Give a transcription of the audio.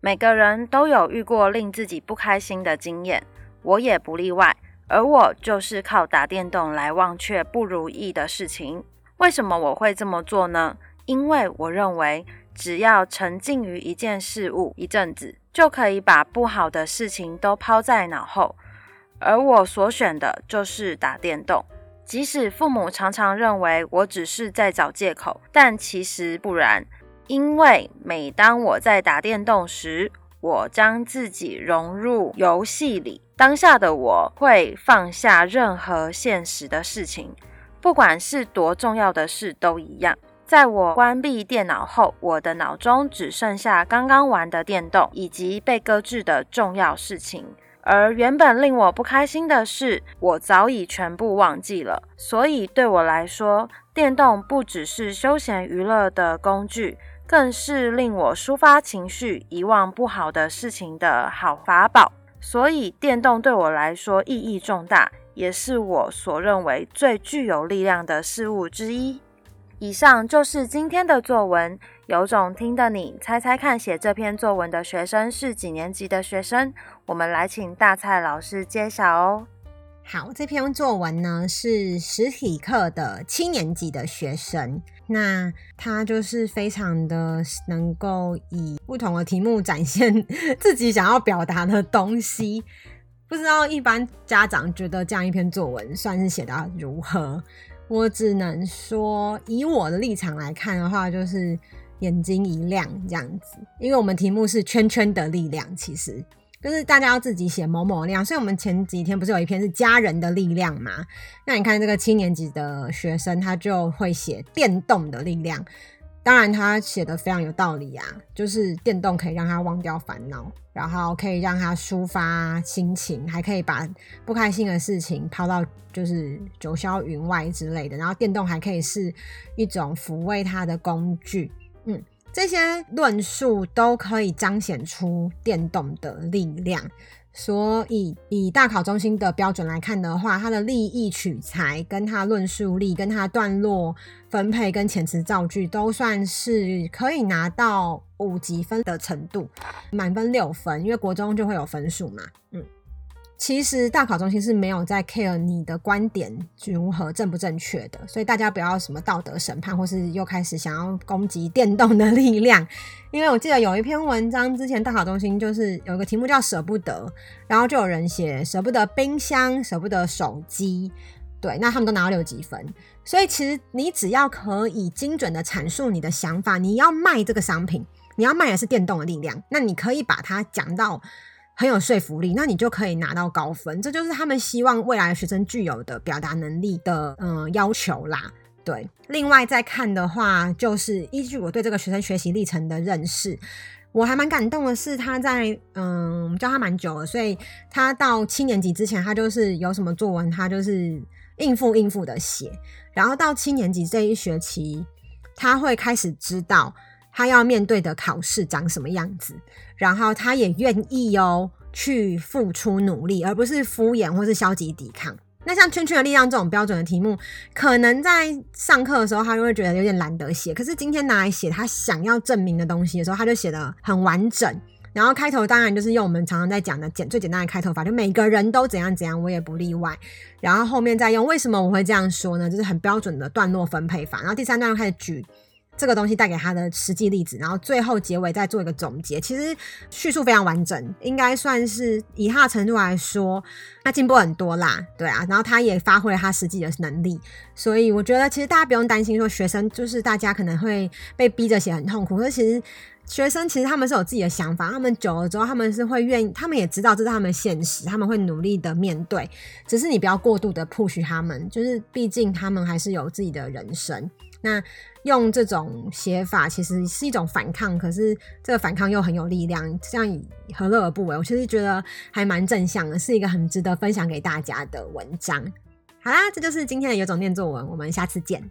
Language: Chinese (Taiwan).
每個人都有遇過令自己不開心的經驗，我也不例外。而我就是靠打電動來忘卻不如意的事情。為什麼我會這麼做呢？因為我認為，只要沉浸於一件事物一陣子，就可以把不好的事情都拋在腦後。而我所選的就是打電動。即使父母常常認為我只是在找借口，但其實不然。因為每當我在打電動時，我將自己融入遊戲裡，當下的我會放下任何現實的事情，不管是多重要的事都一樣。在我關閉電腦後，我的腦中只剩下剛剛玩的電動以及被擱置的重要事情。而原本令我不開心的事，我早已全部忘記了。所以對我來說，電動不只是休閒娛樂的工具，更是令我抒發情緒、遺忘不好的事情的好法寶。所以電動對我來說意義重大，也是我所認為最具有力量的事物之一。以上就是今天的作文。有種聽的，你猜猜看，寫這篇作文的學生是幾年級的學生？我們來請大蔡老師揭曉哦。好，這篇作文呢是實體課的七年級的學生，那他就是非常的能夠以不同的題目展現 自己想要表達的東西。不知道一般家長覺得這樣一篇作文算是寫得如何？我只能說，以我的立場來看的話，就是。眼睛一亮，這樣子，因為我們題目是“圈圈的力量”，其實就是大家要自己寫某某力量。所以我們前幾天不是有一篇是家人的力量嗎？那你看這個七年級的學生，他就會寫電動的力量。當然，他寫得非常有道理啊，就是電動可以讓他忘掉煩惱，然後可以讓他抒發心情，還可以把不開心的事情拋到就是九霄雲外之類的。然後電動還可以是一種撫慰他的工具。嗯，這些論述都可以彰顯出電動的力量。所以以大考中心的標準來看的話，它的立意取材、跟它論述力、跟它段落分配、跟遣詞造句，都算是可以拿到五級分的程度，滿分六分。因為國中就會有分數嘛，嗯。其實大考中心是沒有在 care 你的觀點如何正不正確的，所以大家不要什麼道德審判，或是又開始想要攻擊電動的力量。因為我記得有一篇文章，之前大考中心就是有一個題目叫捨不得，然後就有人寫捨不得冰箱，捨不得手機，對，那他們都拿到六級分。所以其實你只要可以精準的闡述你的想法，你要賣這個商品，你要賣的是電動的力量，那你可以把它講到。很有說服力，那你就可以拿到高分。這就是他們希望未來的學生具有的表達能力的嗯、呃、要求啦。對，另外再看的話，就是依據我對這個學生學習歷程的認識，我還蠻感動的是，他在嗯教他蠻久了，所以他到七年級之前，他就是有什麼作文，他就是應付應付的寫。然後到七年級這一學期，他會開始知道。他要面對的考試長什麼樣子，然後他也願意哦去付出努力，而不是敷衍或是消極抵抗。那像《圈圈的力量》這種標準的題目，可能在上課的時候他就會覺得有點懶得寫，可是今天拿來寫他想要證明的東西的時候，他就寫得很完整。然後開頭當然就是用我們常常在講的簡最簡單的開頭法，就每個人都怎樣怎樣，我也不例外。然後後面再用為什麼我會這樣說呢？就是很標準的段落分配法。然後第三段開始舉。這個東西帶給他的實際例子，然後最後結尾再做一個總結，其實敘述非常完整，應該算是以他的程度來說，他進步很多啦，對啊，然後他也發揮了他實際的能力，所以我覺得其實大家不用擔心說學生就是大家可能會被逼着寫很痛苦，可是其實。學生其實他們是有自己的想法，他們久了之後他們是會願意，他們也知道這是他們的現實，他們會努力的面對。只是你不要過度的 push 他們，就是畢竟他們還是有自己的人生。那用這種寫法其實是一種反抗，可是這個反抗又很有力量，這樣何樂而不為？我其實覺得還蠻正向的，是一個很值得分享給大家的文章。好啦，這就是今天的有種念作文，我們下次見。